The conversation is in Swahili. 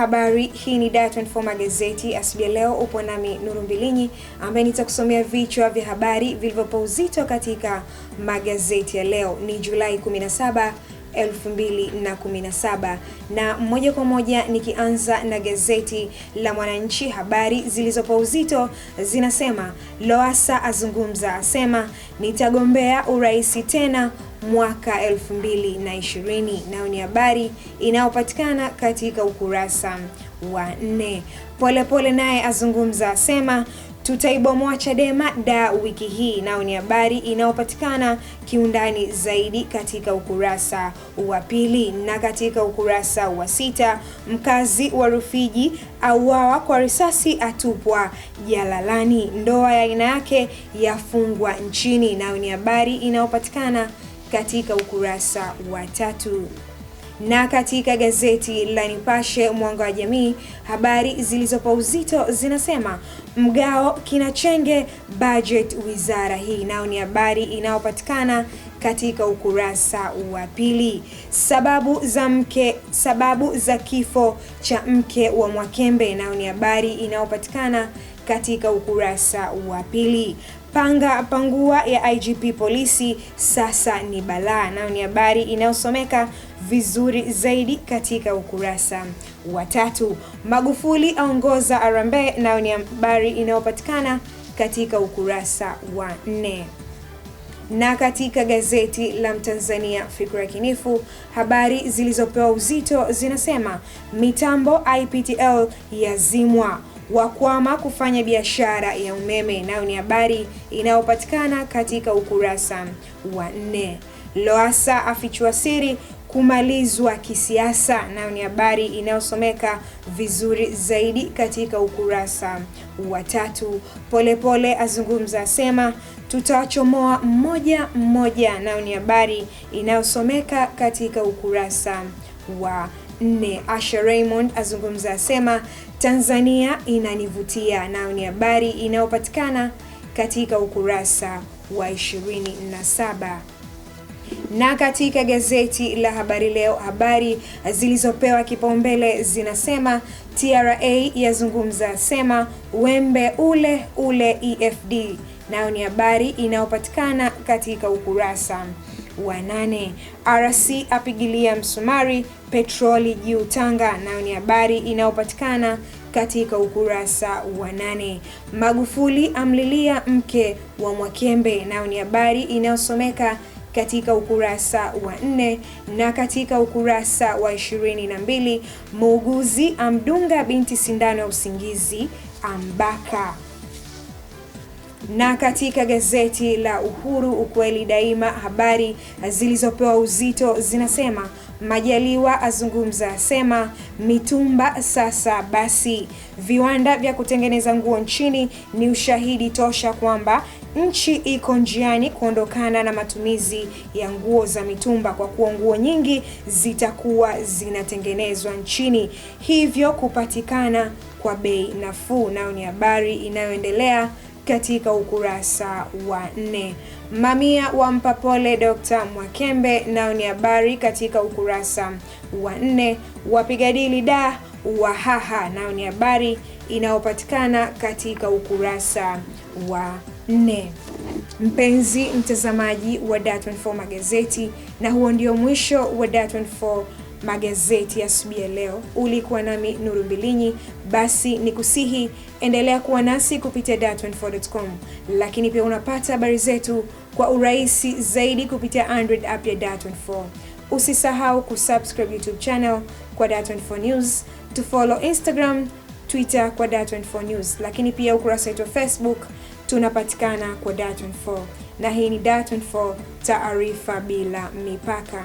Habari hii ni Dar24 Magazeti asubuhi leo. Upo nami Nuru Mbilinyi ambaye nitakusomea vichwa vya habari vilivyopa uzito katika magazeti ya leo. Ni Julai 17 2017 na moja kwa moja nikianza na gazeti la Mwananchi, habari zilizopa uzito zinasema Lowassa azungumza, asema nitagombea urais tena mwaka 2020 na Nayo ni habari inayopatikana katika ukurasa wa nne. Polepole naye azungumza asema tutaibomoa Chadema da wiki hii, nayo ni habari inayopatikana kiundani zaidi katika ukurasa wa pili. Na katika ukurasa wa sita, mkazi wa Rufiji auawa kwa risasi, atupwa jalalani, ndoa ya aina yake yafungwa nchini, nayo ni habari inayopatikana katika ukurasa wa tatu. Na katika gazeti la Nipashe Mwanga wa Jamii, habari zilizopa uzito zinasema mgao kinachenge budget wizara hii, nayo ni habari inayopatikana katika ukurasa wa pili. Sababu za mke, sababu za kifo cha mke wa Mwakembe, nayo ni habari inayopatikana katika ukurasa wa pili panga pangua ya IGP polisi sasa ni balaa, nayo ni habari inayosomeka vizuri zaidi katika ukurasa wa tatu. Magufuli aongoza Arambe, nayo ni habari inayopatikana katika ukurasa wa nne na katika gazeti la Mtanzania Fikra Kinifu, habari zilizopewa uzito zinasema mitambo IPTL yazimwa, wakwama kufanya biashara ya umeme. Nayo ni habari inayopatikana katika ukurasa wa nne. Lowassa afichua siri kumalizwa kisiasa, nayo ni habari inayosomeka vizuri zaidi katika ukurasa wa tatu. Polepole azungumza asema, tutawachomoa mmoja mmoja, nayo ni habari inayosomeka katika ukurasa wa nne. Asha Raymond azungumza asema, Tanzania inanivutia, nayo ni habari inayopatikana katika ukurasa wa 27 na katika gazeti la Habari Leo, habari zilizopewa kipaumbele zinasema TRA yazungumza sema wembe ule ule EFD, nayo ni habari inayopatikana katika ukurasa wa nane. RC apigilia msumari petroli juu Tanga, nayo ni habari inayopatikana katika ukurasa wa nane. Magufuli amlilia mke wa Mwakembe, nayo ni habari inayosomeka katika ukurasa wa nne na katika ukurasa wa ishirini na mbili muuguzi amdunga binti sindano ya usingizi ambaka na katika gazeti la Uhuru ukweli daima, habari zilizopewa uzito zinasema Majaliwa azungumza, asema mitumba sasa basi. Viwanda vya kutengeneza nguo nchini ni ushahidi tosha kwamba nchi iko njiani kuondokana na matumizi ya nguo za mitumba, kwa kuwa nguo nyingi zitakuwa zinatengenezwa nchini, hivyo kupatikana kwa bei nafuu. Nayo ni habari inayoendelea katika ukurasa wa nne. Mamia wampa pole Dr. Mwakembe, nao ni habari katika ukurasa wa nne. Wapigadili da wahaha, nao ni habari inayopatikana katika ukurasa wa nne. Mpenzi mtazamaji wa Dar24 magazeti, na huo ndio mwisho wa Dar24 magazeti asubuhi ya leo. Ulikuwa nami Nuru Mbilinyi, basi ni kusihi endelea kuwa nasi kupitia dar24.com, lakini pia unapata habari zetu kwa urahisi zaidi kupitia Android app ya Dar24. Usisahau kusubscribe YouTube channel kwa Dar24 News, tufollow Instagram, Twitter kwa Dar24 News, lakini pia ukurasa wetu wa Facebook tunapatikana kwa Dar24. Na hii ni Dar24, taarifa bila mipaka.